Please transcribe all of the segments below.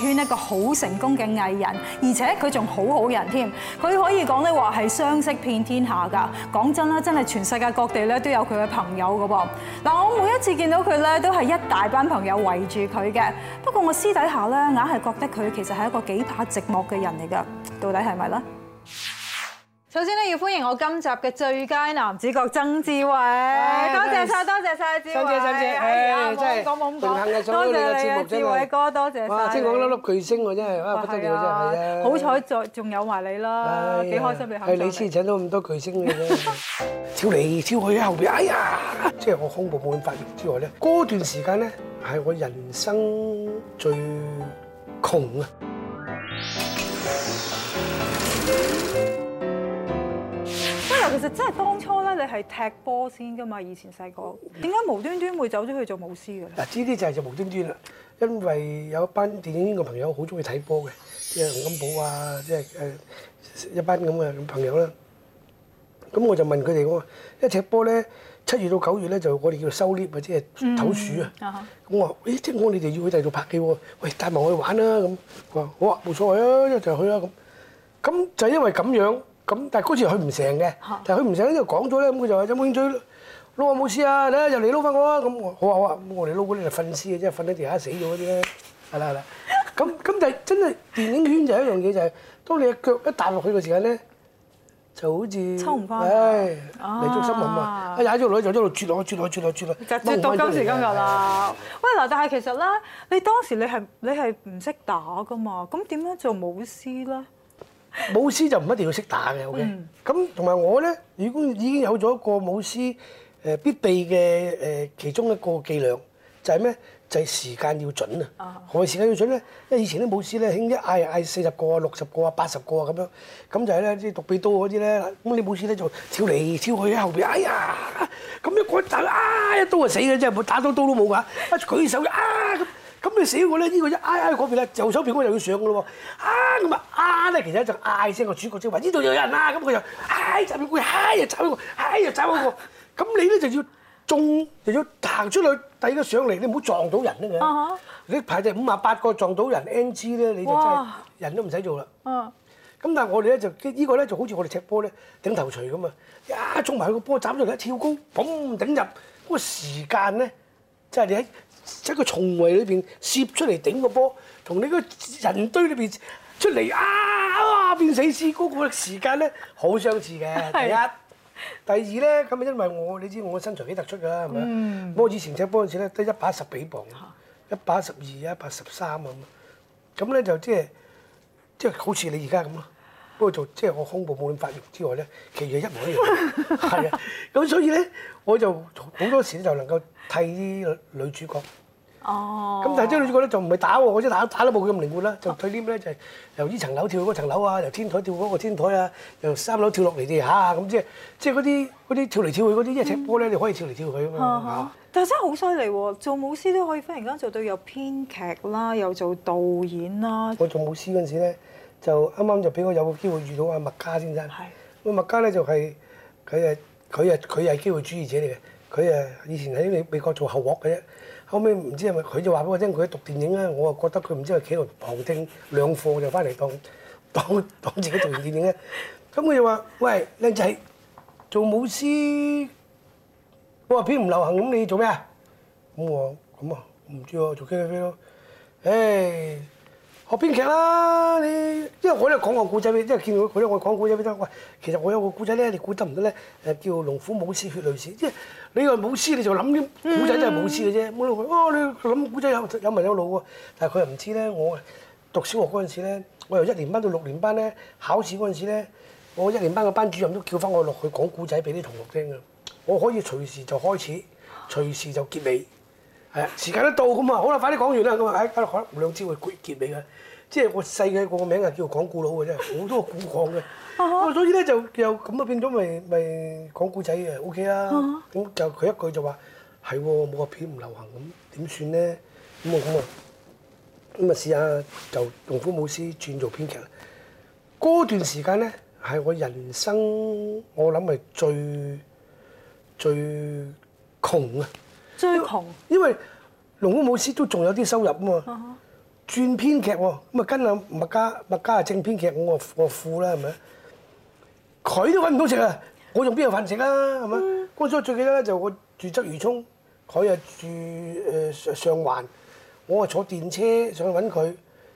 圈一個好成功嘅藝人，而且佢仲好好人添，佢可以講咧話係相識遍天下噶。講真啦，真係全世界各地咧都有佢嘅朋友噶噃。嗱，我每一次見到佢咧，都係一大班朋友圍住佢嘅。不過我私底下咧，硬係覺得佢其實係一個幾怕寂寞嘅人嚟噶。到底係咪咧？首先咧，要歡迎我今集嘅最佳男主角曾志偉，多謝晒，多謝晒！志偉。生者生者，冇咁講，冇咁講。多謝你啊，志偉哥，多謝。哇，聽講粒粒巨星喎，真係啊，不得了，真係。好彩再仲有埋你啦，幾開心嘅後係你先請到咁多巨星嘅啫，跳嚟跳去喺後邊，哎呀！即係我胸部冇咁發育之外咧，嗰段時間咧係我人生最窮啊！其實真係當初咧，你係踢波先噶嘛？以前細個，點解無端端會走咗去做武師嘅咧？嗱，呢啲就係就無端端啦，因為有一班電影院嘅朋友好中意睇波嘅，即係洪金寶啊，即係誒一班咁嘅朋友啦。咁我就問佢哋講，一踢波咧，七月到九月咧就我哋叫做收 lift 或者係唞暑啊。咁、嗯 uh huh. 我誒聽講你哋要去第二度拍戲，喂帶埋我去玩啦咁。佢話好啊，冇所謂啊，一齊去啦！咁。咁就因為咁樣。咁但係嗰次佢唔成嘅，但係佢唔成咧就講咗咧，咁佢就話有冇興趣撈武師啊？你又嚟撈翻我啊？咁，我好啊好啊，我嚟撈返你就瞓屍嘅啫，瞓喺地下死咗嗰啲咧，係啦係啦。咁咁但係真係電影圈就係一樣嘢，就係、是、當你嘅腳一踏落去嘅時間咧，就好似抽唔翻嚟，離足心咁啊！一踩咗落去就一路啜落去啜落去啜落去啜落去，就啜到今時今日啦。喂，嗱，但係其實咧，你當時你係你係唔識打噶嘛？咁點樣做武師咧？武師就唔一定要識打嘅，OK、嗯。咁同埋我咧，如果已經有咗一個武師誒必備嘅誒其中一個伎倆，就係、是、咩？就係、是、時間要準啊。哦、何謂時間要準咧？因為以前啲武師咧興一嗌嗌四十個啊、六十個啊、八十個啊咁樣，咁就係咧，即係獨臂刀嗰啲咧。咁你武師咧就跳嚟跳去喺後邊，哎呀，咁一趕集啊，一刀就死嘅，即係冇打到刀都冇噶。一舉手啊！咁你死我咧？呢、呢個一挨喺嗰邊咧，右手邊我又要上嘅咯喎。啊咁啊，啊咧！其實就嗌聲個主角即話：呢度有人啊！咁佢就嗌就邊個嗌又走開個，嗌又走開個。咁你咧就要中，就要行出去，第二個上嚟，你唔好撞到人㗎。Uh huh. 你排隻五啊八個撞到人 NG 咧，G, 你就真係、uh huh. 人都唔使做啦。嗯、uh。咁、huh. 但係我哋咧就呢個咧就好似我哋踢波咧頂頭鎚咁啊！一衝埋個波，斬咗佢，跳高，嘣頂入。嗰、嗰個時間咧，就係你喺。即係個重圍裏邊攝出嚟頂個波，同你個人堆裏邊出嚟啊，啊變死屍嗰個時間咧，好相似嘅。的第一，第二咧咁啊，因為我你知我身材幾突出噶，係咪？嗯、我以前踢波嗰陣時咧，得一百十幾磅，一百十二啊，一百十三咁。咁咧就即係即係好似你而家咁咯。不過做即係、就是、我胸部冇咁發育之外咧，其實一,一模一樣，係啊。咁 所以咧，我就好多時就能夠替啲女主角。哦。咁但係啲女主角咧就唔係打喎，我知打打都冇佢咁靈活啦。就佢啲咩就係、是、由呢層樓跳嗰層樓啊，由天台跳嗰個天台啊，由三樓跳落嚟跌下咁即係即係嗰啲啲跳嚟跳去嗰啲，一隻波咧你可以跳嚟跳去㗎嘛、mm.。但係真係好犀利喎，做武師都可以忽然間做到有編劇啦，又做導演啦。我做武師嗰陣時咧。就啱啱就俾我有個機會遇到阿麥嘉先生是，咁阿麥嘉咧就係佢，誒佢，誒佢又係機會主義者嚟嘅，佢，誒以前喺美美國做後鑊嘅啫，後尾唔知係咪佢就話俾我聽佢讀電影咧，我啊，覺得佢唔知係企喺度旁聽兩課就翻嚟當當當自己做完電影咧。咁佢 就話：喂，靚仔做舞師，我話片唔流行咁，你做咩啊？咁我咁啊，唔知喎，做 KTV 咯，誒！學編劇啦！你因為我咧講個故仔俾，即係見到佢咧我講故仔俾得。喂，其實我有個故仔咧，你估得唔得咧？誒，叫《龍虎武師血淚史》。即係你話武師，你就諗啲古仔真係武師嘅啫。冇諗佢，哦，你諗古仔有有文有武喎。但係佢又唔知咧，我讀小學嗰陣時咧，我由一年班到六年班咧，考試嗰陣時咧，我一年班嘅班主任都叫翻我落去講故仔俾啲同學聽㗎。我可以隨時就開始，隨時就結尾。時間一到咁啊，嗯，好啦，快啲講完啦咁啊，喺大陸學兩招會攰結你嘅，即係我細嘅個名啊，叫做講古佬嘅啫，好多古講嘅，所以咧就又咁啊變咗咪咪講古仔嘅，O K 啦，咁、嗯、就佢一句就話係冇個片唔流行咁點算咧？咁啊咁啊咁啊試下就龍虎武師轉做編劇啦。嗰段時間咧係我人生我諗係最最窮啊！追最窮，因為《龍虎武師》都仲有啲收入啊嘛，uh huh. 轉編劇喎，咁啊跟阿麥嘉麥嘉啊正編劇，我我副啦係咪？佢都揾唔到食啊，我用邊有飯食啊係咪？嗰時，嗯、我最記得咧就我住鰂魚涌，佢啊住誒上環，我啊坐電車上去揾佢，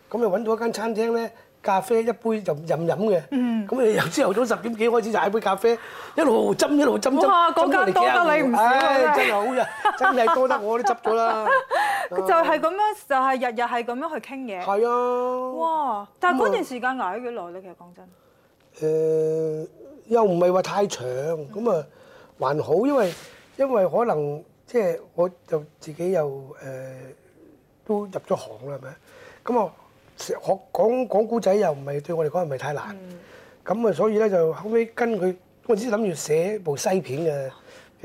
咁啊揾到一間餐廳咧。咖啡一杯就任飲嘅，咁你由朝頭早十點幾開始就係一杯咖啡，一路斟一路斟斟斟，多得你唔少啊，哎！真係好呀，真係多得我都執咗啦。佢 就係咁樣，就係日日係咁樣去傾嘢。係啊。哇！但係嗰段時間捱咗幾耐咧？其實講真。誒、呃，又唔係話太長，咁啊還好，因為因為可能即係、就是、我就自己又誒、呃、都入咗行啦，係咪？咁我。學講講古仔，又唔係對我嚟講唔係太難，咁啊所以咧就後尾跟佢，我先諗住寫部西片嘅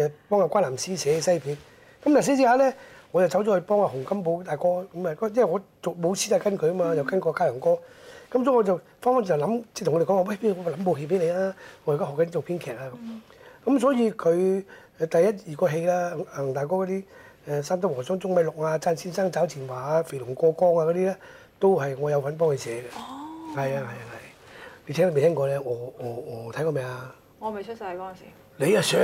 嘅幫阿關南師寫西片，咁寫寫下咧我就走咗去幫阿洪金寶大哥，咁啊因為我做武師就跟佢啊嘛，又跟個嘉祥哥，咁所以我就返返就諗即係同佢哋講話喂，我咪諗部戲俾你啦，我而家學緊做編劇啊，咁所以佢第一二個戲啦，洪大哥嗰啲誒《三德和尚》《舂米六》啊，《贊先生找錢華》啊，《肥龍過江》啊嗰啲咧。都係我有份幫佢寫嘅，係啊係啊係。你聽未聽過咧？我我我睇過未也 啊？我未出世嗰陣時。你啊想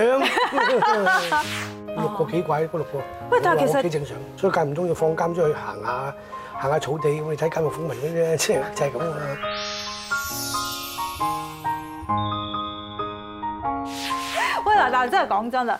六個幾鬼？六個？喂，但係其實幾正常，所以間唔中要放監出去行下，行下草地，我哋睇下監獄風雲嗰啲咧，即係就係咁啊！喂嗱、嗯，但係真係講真啦。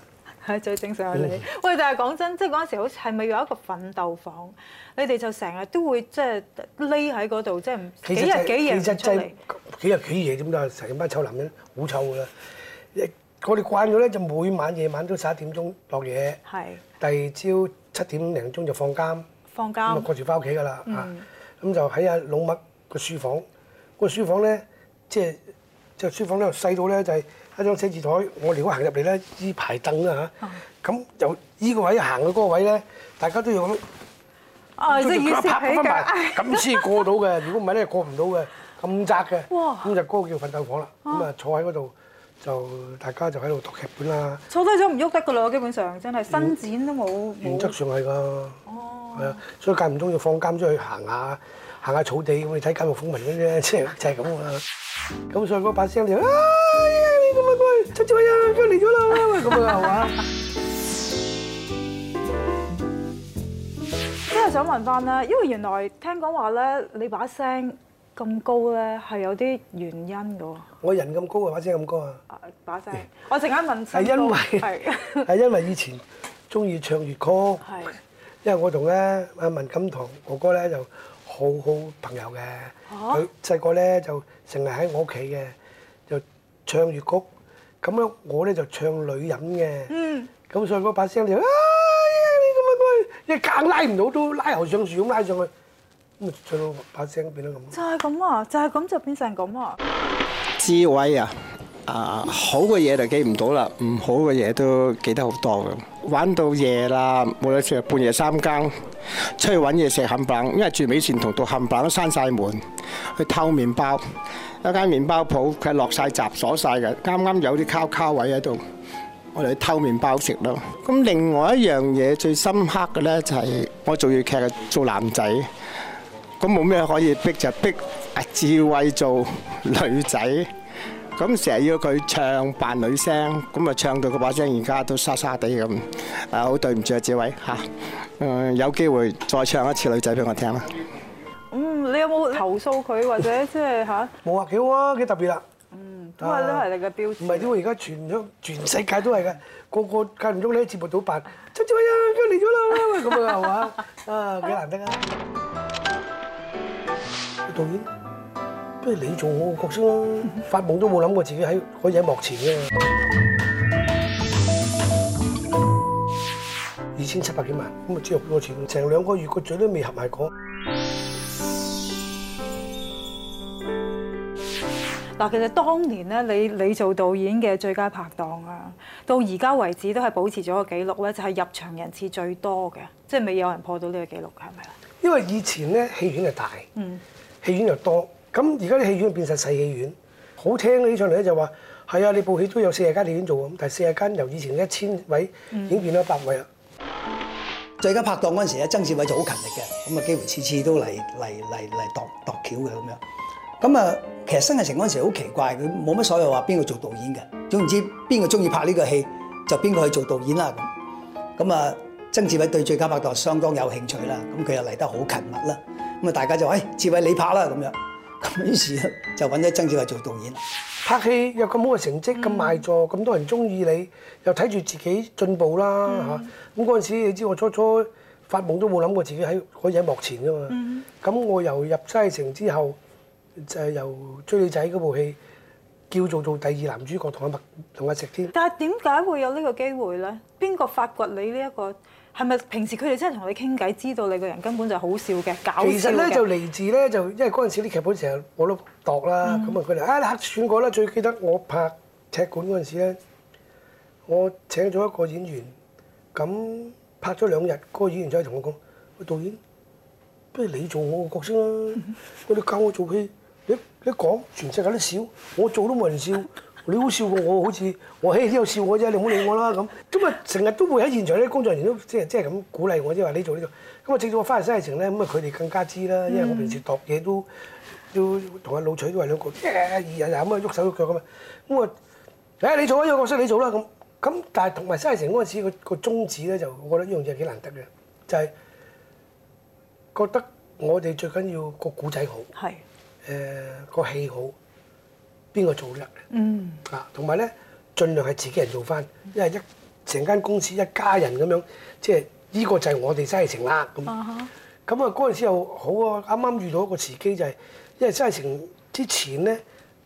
係最正常啊！你喂，但係講真，即係嗰陣時好似係咪有一個奮鬥房？你哋就成日都會即係匿喺嗰度，即係幾日幾夜出嚟？其實即係幾日幾夜點解？成班臭男人好臭噶喇！我哋慣咗咧，就每晚夜晚都十一點鐘落嘢，第二朝七點零鐘就放監，放監咁啊，掛住返屋企㗎啦嚇。咁就喺阿老麥個書房，個書房咧即係就書房咧細到咧就係。一張寫字台，我哋如果行入嚟咧，依排凳啊。嚇，咁由依個位行到嗰個位咧，大家都要咁啊，即係意思，咁一排，咁先過到嘅。如果唔係咧，過唔到嘅，咁窄嘅，咁就嗰個叫訓鬥房啦。咁啊，坐喺嗰度就大家就喺度讀劇本啦。坐低咗唔喐得噶啦，基本上真係伸展都冇。原則上係㗎。哦。係啊，所以間唔中要放監出去行下，行下草地，我哋睇監獄風雲嗰啲即係就係咁啊。咁所以嗰把聲就啊！出咗呀！出嚟咗啦！咁啊，我啊，即係想問翻啦，因為原來聽講話咧，你把聲咁高咧係有啲原因嘅。我人咁高啊，把聲咁高啊。把聲，我陣間問。係因為係因為以前中意唱粵曲，係因為我同咧阿文金堂哥哥咧就好好朋友嘅，佢細個咧就成日喺我屋企嘅，就唱粵曲。咁樣我咧就唱女人嘅，咁、嗯、所以嗰把聲你啊，你咁樣佢一硬拉唔到都拉牛上樹咁拉上去，咁啊唱到把聲變到咁。就係咁啊！就係、是、咁就變成咁啊！志偉啊！啊，好嘅嘢就記唔到啦，唔好嘅嘢都記得好多咁。玩到夜啦，無論成日，半夜三更出去揾嘢食冚棒，因為住美善同度冚棒都閂曬門，去偷麵包。一間麵包鋪佢係落曬閘鎖曬嘅，啱啱有啲卡卡位喺度，我哋去偷麵包食咯。咁另外一樣嘢最深刻嘅呢就係我做粵劇做男仔，咁冇咩可以逼就逼智慧做女仔。咁成日要佢唱扮女聲，咁啊唱到佢把聲而家都沙沙地咁，啊好對唔住啊，志偉嚇，誒有機會再唱一次女仔俾我聽啦。嗯，你有冇投訴佢或者即係嚇？冇啊，幾好啊，幾特別啦。嗯，都係你嘅標。唔係，因為而家全咗全世界都係㗎，個個間唔中你接唔到白，出咗位啊出嚟咗啦，咁樣係嘛？啊幾難得啊！導演。不如你做我嘅角色啦！ 發夢都冇諗過自己可以喺幕前嘅。二千七百幾萬，咁啊，即係好多錢。成兩個月個嘴都未合埋講。嗱， 其實當年咧，你你做導演嘅最佳拍檔啊，到而家為止都係保持咗個記錄咧，就係、是、入場人次最多嘅，即係未有人破到呢個記錄，係咪啊？因為以前咧戲院又大，嗯，戲院又多。咁而家啲戲院變成細戲院，好聽咧起上嚟咧就話係啊！你部戲都有四十間戲院做喎，但係四十間由以前一千位已經變到百位啦。嗯、最佳拍檔嗰陣時曾志偉就好勤力嘅，咁啊幾乎次次都嚟嚟嚟嚟度度橋嘅咁樣。咁啊，其實新藝城嗰陣時好奇怪，佢冇乜所謂話邊個做導演嘅，總言之邊個中意拍呢個戲就邊個去做導演啦。咁咁啊，曾志偉對最佳拍檔相當有興趣啦，咁佢又嚟得好勤密啦。咁啊，大家就誒，志偉你拍啦咁樣。於是咧就揾咗曾志偉做導演。拍戲有咁好嘅成績，咁賣座，咁多人中意你，又睇住自己進步啦嚇。咁嗰陣時你知我初初發夢都冇諗過自己可以喺幕前噶嘛。咁我由入西城之後，就係由追女仔嗰部戲，叫做做第二男主角同阿麥同阿石添。但係點解會有呢個機會咧？邊個發掘你呢一個？係咪平時佢哋真係同你傾偈，知道你個人根本就好笑嘅搞笑嘅？其實咧就嚟自咧就，因為嗰陣時啲劇本成日冇得度啦，咁啊佢哋，哎你黑選我啦！最記得我拍赤館嗰陣時咧，我請咗一個演員，咁拍咗兩日，嗰個演員就係同我講，喂導演，不如你做我個角色啦！我哋教我做戲，你你講全世界都笑，我做都冇人笑。 你好笑過我，好似我喺度笑我啫，你唔好理我啦咁。咁啊，成日都會喺現場啲工作人員都即係即係咁鼓勵我，即係話你做呢做。咁啊，直到我翻去西城咧，咁啊佢哋更加知啦，因為我平時度嘢都都同阿老徐都係兩個，日日又咁喺度喐手喐腳咁啊。咁我誒你做啦，呢個角色你做啦咁。咁但係同埋西城嗰陣時，個個宗旨咧，就我覺得呢樣嘢幾難得嘅，就係、是、覺得我哋最緊要個古仔好，誒個戲好。邊個做得？嗯啊，同埋咧，儘量係自己人做翻，因為一成間公司一家人咁樣，即係呢個就係我哋西城啦咁。啊咁哈啊，嗰陣時又好啊，啱啱遇到一個時機就係、是，因為西城之前咧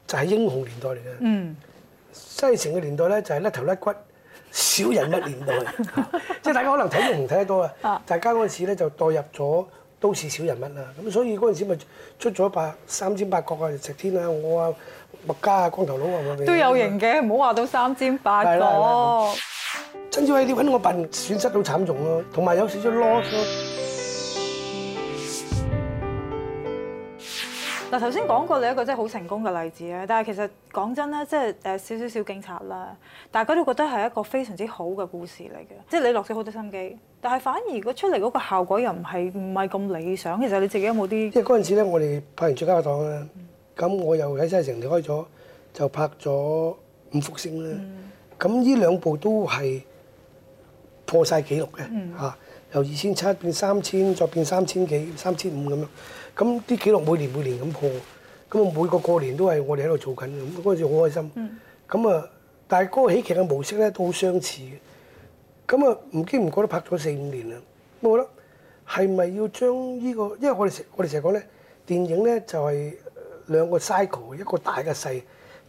就係、是、英雄年代嚟嘅。嗯，西城嘅年代咧就係、是、甩頭甩骨小人物年代， 啊、即係大家可能睇英雄睇得多啊。大家嗰陣時咧就代入咗都市小人物啦。咁所以嗰陣時咪出咗一班《三尖八角》啊，《石天》啊，我啊。38個38個38個38個麥嘉光頭佬啊，都有型嘅，唔好話到三尖八角。曾志偉，你揾、嗯、我笨，損失到慘重喎，同埋有少少囉嗦。嗱，頭先講過你一個真係好成功嘅例子啊。但係其實講真咧，即係誒少少小警察啦，大家都覺得係一個非常之好嘅故事嚟嘅，即係你落咗好多心機，但係反而佢出嚟嗰個效果又唔係唔係咁理想。其實你自己有冇啲？即係嗰陣時咧，我哋拍完最佳拍檔咧。嗯。咁我又喺西城離開咗，就拍咗《五福星》啦、嗯。咁呢兩部都係破晒紀錄嘅嚇、嗯啊，由二千七變三千，再變三千幾、三千五咁樣。咁啲紀錄每年每年咁破，咁啊每個過年都係我哋喺度做緊嘅。咁嗰陣時好開心。咁啊、嗯，但係嗰個喜劇嘅模式咧都好相似嘅。咁啊，唔經唔覺都拍咗四五年啦。我覺得係咪要將呢、這個？因為我哋成我哋成日講咧，電影咧就係、是。兩個 cycle，一個大嘅細，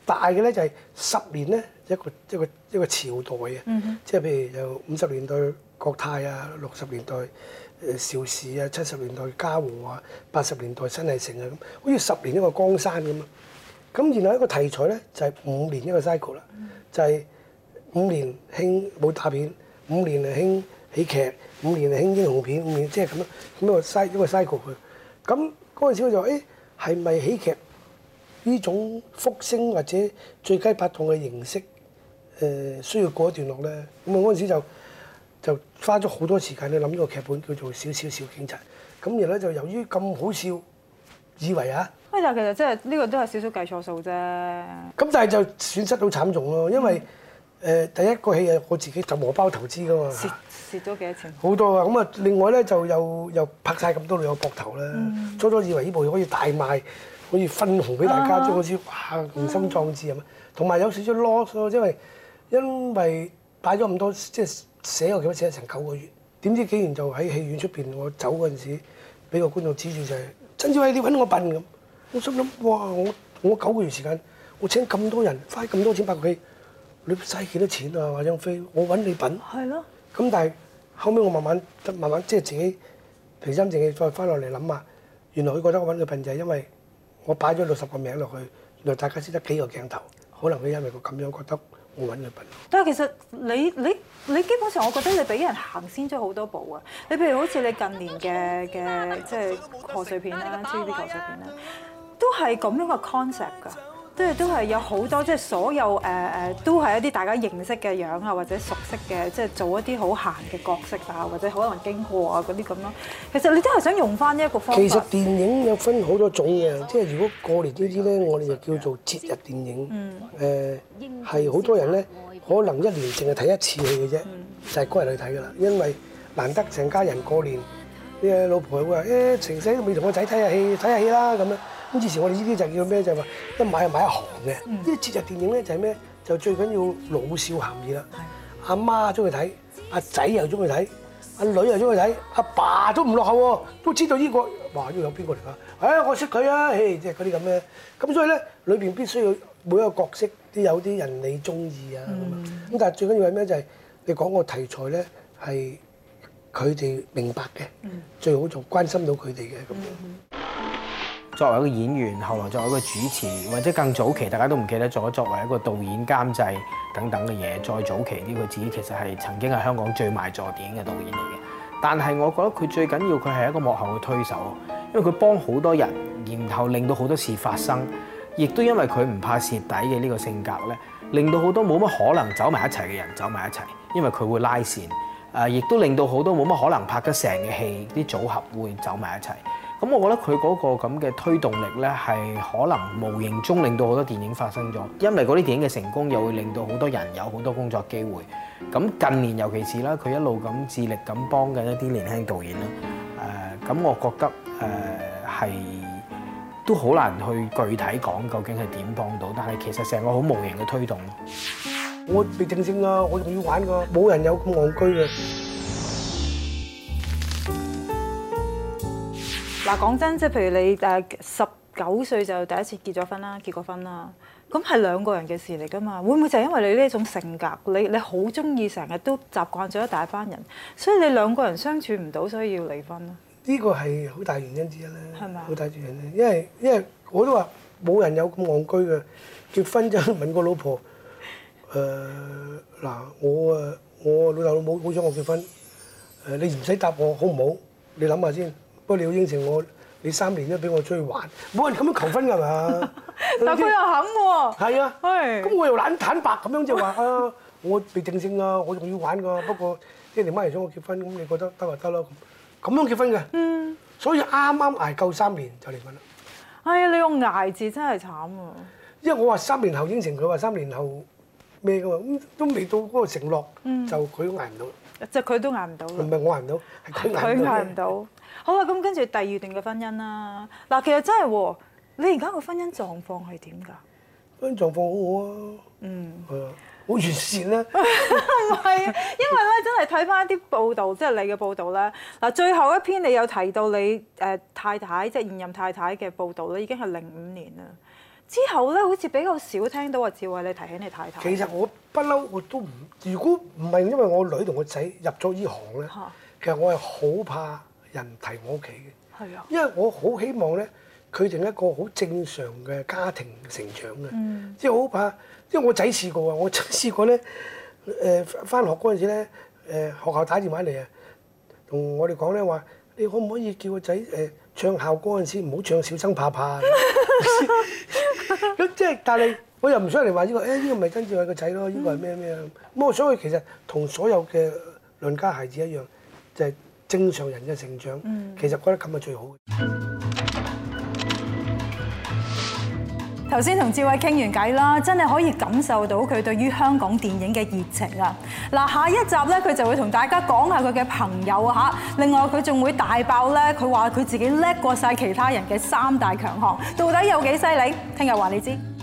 大嘅咧就係十年咧一個一個一個，一個朝代啊，mm hmm. 即係譬如有五十年代國泰啊，六十年代、呃、邵氏啊，七十年代嘉禾啊，八十年代新藝城啊咁，好似十年一個江山咁啊。咁然後一個題材咧就係五年一個 cycle 啦、mm，hmm. 就係五年興武打片，五年係興喜劇，五年係興英雄片，五年即係咁樣咁一個 cycle 一個 cycle 嘅。咁嗰時我就話，誒係咪喜劇？呢種福星或者最佳拍檔嘅形式，誒需要過一段落咧。咁啊，嗰陣時就就花咗好多時間去諗呢個劇本，叫做少少少警察。咁而咧就由於咁好笑，以為啊，啊但其實真係呢個都係少少計錯數啫。咁但係就損失到慘重咯，因為誒第一個戲啊，我自己就荷包投資噶嘛，蝕蝕咗幾多錢？好多啊！咁啊，另外咧就又又拍晒咁多女嘅膊頭啦。嗯、初初以為呢部戲可以大賣。可以分紅俾大家，即係好似哇雄心壯志咁。同埋 有少少囉嗦。因為因為擺咗咁多，即係寫我記得寫成九個月。點知竟然就喺戲院出邊，我走嗰陣時俾個觀眾指住就係曾志偉，你揾我笨咁。我心諗哇！我我九個月時間，我請咁多人，花咁多錢拍個戲，你嘥幾多錢啊？買張飛，我揾你笨。係咯。咁但係後尾，我慢慢慢慢即係自己平心靜氣再翻落嚟諗下，原來佢覺得我揾你笨就係因為。我擺咗六十個名落去，原來大家先得幾個鏡頭，可能會因為個咁樣覺得我搵你笨。但係其實你你你基本上，我覺得你俾人行先咗好多步啊！你譬如好似你近年嘅嘅 即係賀歲片啦，呢啲賀歲片啦， 都係咁樣嘅 concept 㗎。 即係都係有好多，即係所有誒誒、呃，都係一啲大家認識嘅樣啊，或者熟悉嘅，即係做一啲好閒嘅角色啊，或者可能經過啊嗰啲咁咯。其實你真係想用翻呢一個方法。其實電影有分好多種嘅，即係如果過年呢啲咧，我哋就叫做節日電影。嗯。誒、呃，係好多人咧，可能一年淨係睇一次戲嘅啫，嗯、就係嗰日去睇㗎啦。因為難得成家人過年，啲老婆會話：誒、欸，成世未同個仔睇下戲，睇下戲啦咁樣。之前我哋呢啲就叫咩？就係話一買就買一行嘅。呢啲節日電影咧就係咩？就最緊要老少咸宜啦。阿媽中意睇，阿仔又中意睇，阿女又中意睇，阿爸都唔落後，都知道呢個。哇！呢個有邊個嚟㗎？誒，我識佢啊。誒，即係嗰啲咁咧。咁所以咧，裏邊必須要每一個角色都有啲人你中意啊。咁但係最緊要係咩？就係你講個題材咧係佢哋明白嘅，最好仲關心到佢哋嘅咁樣。作為一個演員，後來作為一個主持，或者更早期，大家都唔記得咗。作為一個導演監製等等嘅嘢，再早期呢，佢自己其實係曾經係香港最賣座電影嘅導演嚟嘅。但係我覺得佢最緊要佢係一個幕後嘅推手，因為佢幫好多人，然後令到好多事發生，亦都因為佢唔怕蝕底嘅呢個性格呢，令到好多冇乜可能走埋一齊嘅人走埋一齊，因為佢會拉線。誒、呃，亦都令到好多冇乜可能拍得成嘅戲啲組合會走埋一齊。咁我覺得佢嗰個咁嘅推動力呢，係可能無形中令到好多電影發生咗，因為嗰啲電影嘅成功又會令到好多人有好多工作機會。咁近年尤其是啦，佢一路咁致力咁幫緊一啲年輕導演啦。誒、呃，咁我覺得誒係、呃、都好難去具體講究竟係點幫到，但係其實成個好無形嘅推動、嗯、我未正正啦，我仲要玩過，冇人有咁戇居嘅。嗱，講真，即係譬如你誒十九歲就第一次結咗婚啦，結過婚啦，咁係兩個人嘅事嚟噶嘛？會唔會就係因為你呢種性格，你你好中意成日都習慣咗一大班人，所以你兩個人相處唔到，所以要離婚咧？呢個係好大原因之一咧，係咪好大原因？因為因為我都話冇人有咁戇居嘅，結婚就問個老婆誒，嗱，我啊我老豆老母好想我結婚誒，你唔使答我好唔好？你諗下先。不過你要應承我，你三年都俾我出去玩，冇人咁樣求婚㗎嘛？但係佢又肯喎。係啊，咁我又懶坦白咁樣就話啊，我未定性啊，我仲要玩㗎。不過爹哋媽又想我結婚，咁你覺得得就得咯。咁樣結婚嘅，所以啱啱捱夠三年就離婚啦。係啊，你用捱字真係慘啊！因為我話三年後應承佢話三年後咩㗎嘛，咁都未到嗰個承諾，就佢都捱唔到。即係佢都捱唔到。唔係我捱唔到，係佢捱唔到。好啊！咁跟住第二段嘅婚姻啦。嗱，其實真係喎，你而家嘅婚姻狀況係點㗎？婚姻狀況好好啊，嗯，係好、啊、完善咧、啊。唔係， 因為咧 真係睇翻一啲報道，即係你嘅報道咧。嗱，最後一篇你有提到你誒太太，即係現任太太嘅報道咧，已經係零五年啦。之後咧，好似比較少聽到話，志偉你提起你太太。其實我不嬲，我都唔如果唔係因為我女同個仔入咗呢行咧， 其實我係好怕。人提我屋企嘅，係啊，因為我好希望咧，佢定一個好正常嘅家庭成長嘅，嗯、即係好怕，因為我仔試過啊，我仔試過咧，誒、呃、返學嗰陣時咧，誒、呃、學校打電話嚟啊，同我哋講咧話，你可唔可以叫個仔誒唱校歌嗰陣時唔好唱小生怕怕，咁即係，你 但係我又唔想嚟話呢個，誒、欸、呢、這個咪跟住我個仔咯，呢個係咩咩，咁啊，所以其實同所有嘅鄰家孩子一樣，就係、是。正常人嘅成長，其實覺得咁係最好嘅。頭先同志偉傾完偈啦，真係可以感受到佢對於香港電影嘅熱情啊！嗱，下一集呢，佢就會同大家講下佢嘅朋友啊嚇。另外佢仲會大爆呢，佢話佢自己叻過晒其他人嘅三大強項，到底有幾犀利？聽日話你知。